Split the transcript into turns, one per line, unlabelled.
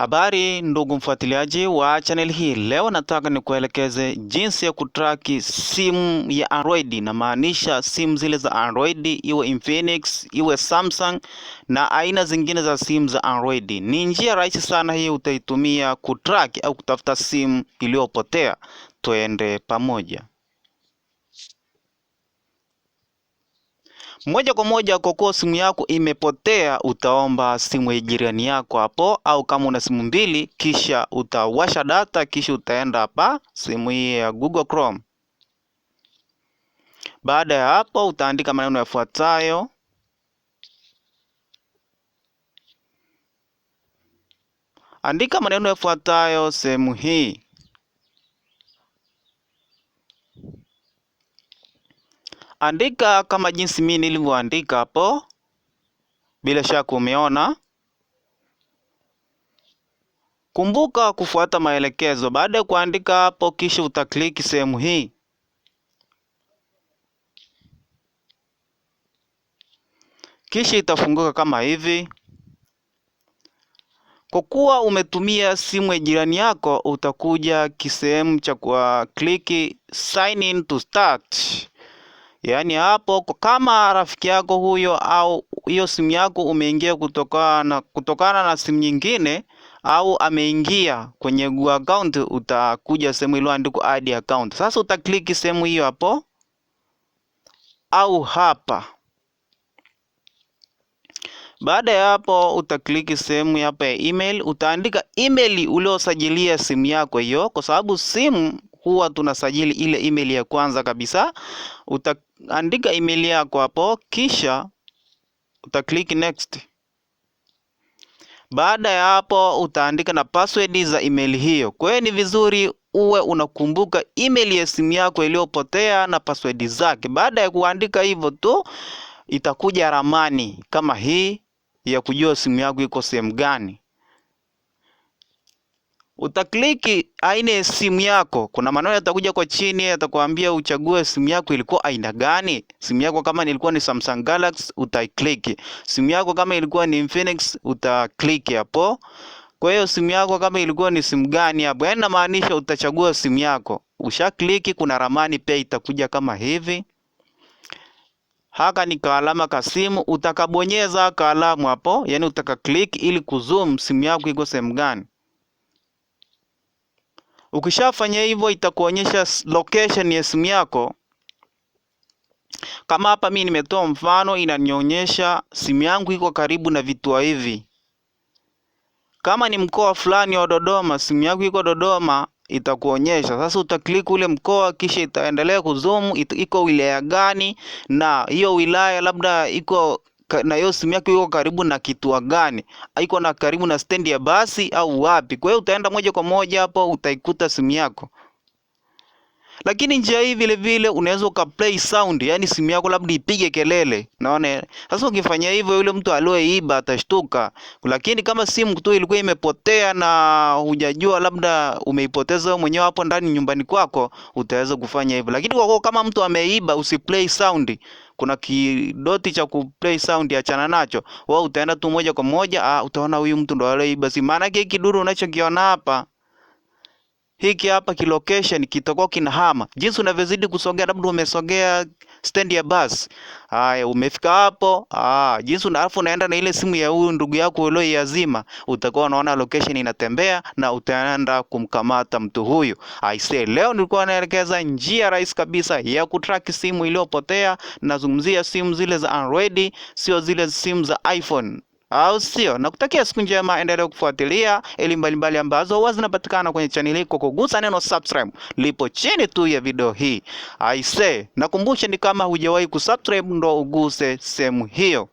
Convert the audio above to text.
Habari ndugu mfuatiliaji wa channel hii, leo nataka nikuelekeze jinsi ya kutraki simu ya Android, na maanisha simu zile za Android, iwe Infinix iwe Samsung na aina zingine za simu za Android. Ni njia rahisi sana hii, utaitumia kutraki au kutafuta simu iliyopotea. Tuende pamoja. moja kwa moja. Kwa kuwa simu yako imepotea, utaomba simu ya jirani yako hapo, au kama una simu mbili, kisha utawasha data, kisha utaenda hapa simu hii ya Google Chrome. Baada ya hapo, utaandika maneno yafuatayo Andika maneno yafuatayo sehemu hii. andika kama jinsi mimi nilivyoandika hapo, bila shaka umeona. Kumbuka kufuata maelekezo. Baada ya kuandika hapo, kisha utakliki sehemu hii. Kisha itafunguka kama hivi. Kwa kuwa umetumia simu ya jirani yako, utakuja kisehemu cha kwa kliki sign in to start. Yaani hapo kama rafiki yako huyo au hiyo simu yako umeingia kutokana kutokana na simu nyingine au ameingia kwenye Google account, utakuja sehemu iliyoandikwa add account. Sasa utakliki sehemu hiyo hapo au hapa. Baada ya hapo utakliki sehemu hapa ya email, utaandika email uliosajilia simu yako hiyo, kwa sababu simu huwa tunasajili ile email ya kwanza kabisa. Utaandika email yako hapo, kisha utaclick next. Baada ya hapo, utaandika na password za email hiyo. Kwa hiyo ni vizuri uwe unakumbuka email ya simu yako iliyopotea na password zake. Baada ya kuandika hivyo tu, itakuja ramani kama hii ya kujua simu yako iko sehemu gani utakliki aina ya simu yako. Kuna maneno yatakuja kwa chini, yatakwambia uchague simu yako ilikuwa aina gani. Simu yako kama ilikuwa ni Samsung Galaxy utaikliki. Simu yako kama ilikuwa ni Infinix utakliki hapo. Kwa hiyo simu yako kama ilikuwa ni simu gani hapo, yaani namaanisha utachagua simu yako. Ushakliki, kuna ramani pia itakuja kama hivi. Haka ni kaalama ka simu, utakabonyeza kaalamu hapo, yaani utakaklik ili kuzoom simu yako iko sehemu gani. Ukishafanya hivyo itakuonyesha location ya simu yako. Kama hapa mimi nimetoa mfano, inanionyesha simu yangu iko karibu na vituo hivi. Kama ni mkoa fulani wa Dodoma, simu yako iko Dodoma, itakuonyesha sasa. Utaklik ule mkoa, kisha itaendelea kuzoom, iko wilaya gani, na hiyo wilaya labda iko na hiyo simu yako iko karibu na kituo gani, iko na karibu na stendi ya basi au wapi. Kwa hiyo utaenda moja kwa moja hapo utaikuta simu yako. Lakini njia hii vile vile unaweza ukaplay sound, yani simu yako labda ipige kelele. Naona sasa, ukifanya hivyo yule mtu aliyeiba atashtuka. Lakini kama simu tu ilikuwa imepotea na hujajua, labda umeipoteza wewe mwenyewe hapo ndani nyumbani kwako, utaweza kufanya hivyo. Lakini kwa kama mtu ameiba, usiplay sound kuna kidoti cha kuplay sound, achana nacho. Wewe utaenda tu moja kwa moja, ah, utaona huyu mtu ndo aliiba. basi maana yake kiduru unachokiona hapa hiki hapa kilocation kitakuwa kinahama jinsi unavyozidi kusogea, labda umesogea stand ya bus. Haya, umefika hapo. Ah, jinsi unaafu unaenda na ile simu ya huyu ndugu yako ulioiazima, utakuwa unaona location inatembea na utaenda kumkamata mtu huyu. I say leo nilikuwa naelekeza njia rahisi kabisa ya kutrack simu iliyopotea. Nazungumzia simu zile za Android, sio zile simu za iPhone au sio? Na kutakia siku njema, endelea kufuatilia elimu mbalimbali ambazo huwa zinapatikana kwenye chaneli hii kwa kugusa neno subscribe lipo chini tu ya video hii. Aise, nakumbusha ni kama hujawahi kusubscribe ndo uguse sehemu hiyo.